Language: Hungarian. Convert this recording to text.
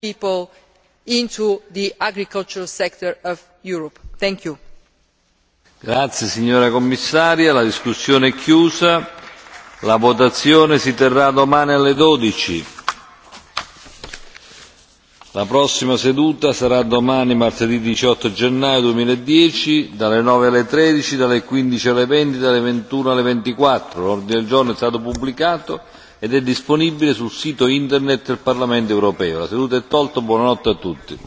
people into the agricultural sector of europe. thank you. grazie signora commissaria la discussione è chiusa la votazione si terrà domani alle. dodici la prossima seduta sarà domani martedì diciotto gennaio duemiladieci dalle nove alle tredici dalle quindici alle venti dalle ventiuno alle. ventiquattro l'ordine del giorno è stato pubblicato ed è disponibile sul sito internet del parlamento europeo. la seduta è tolta buonanotte a tutti.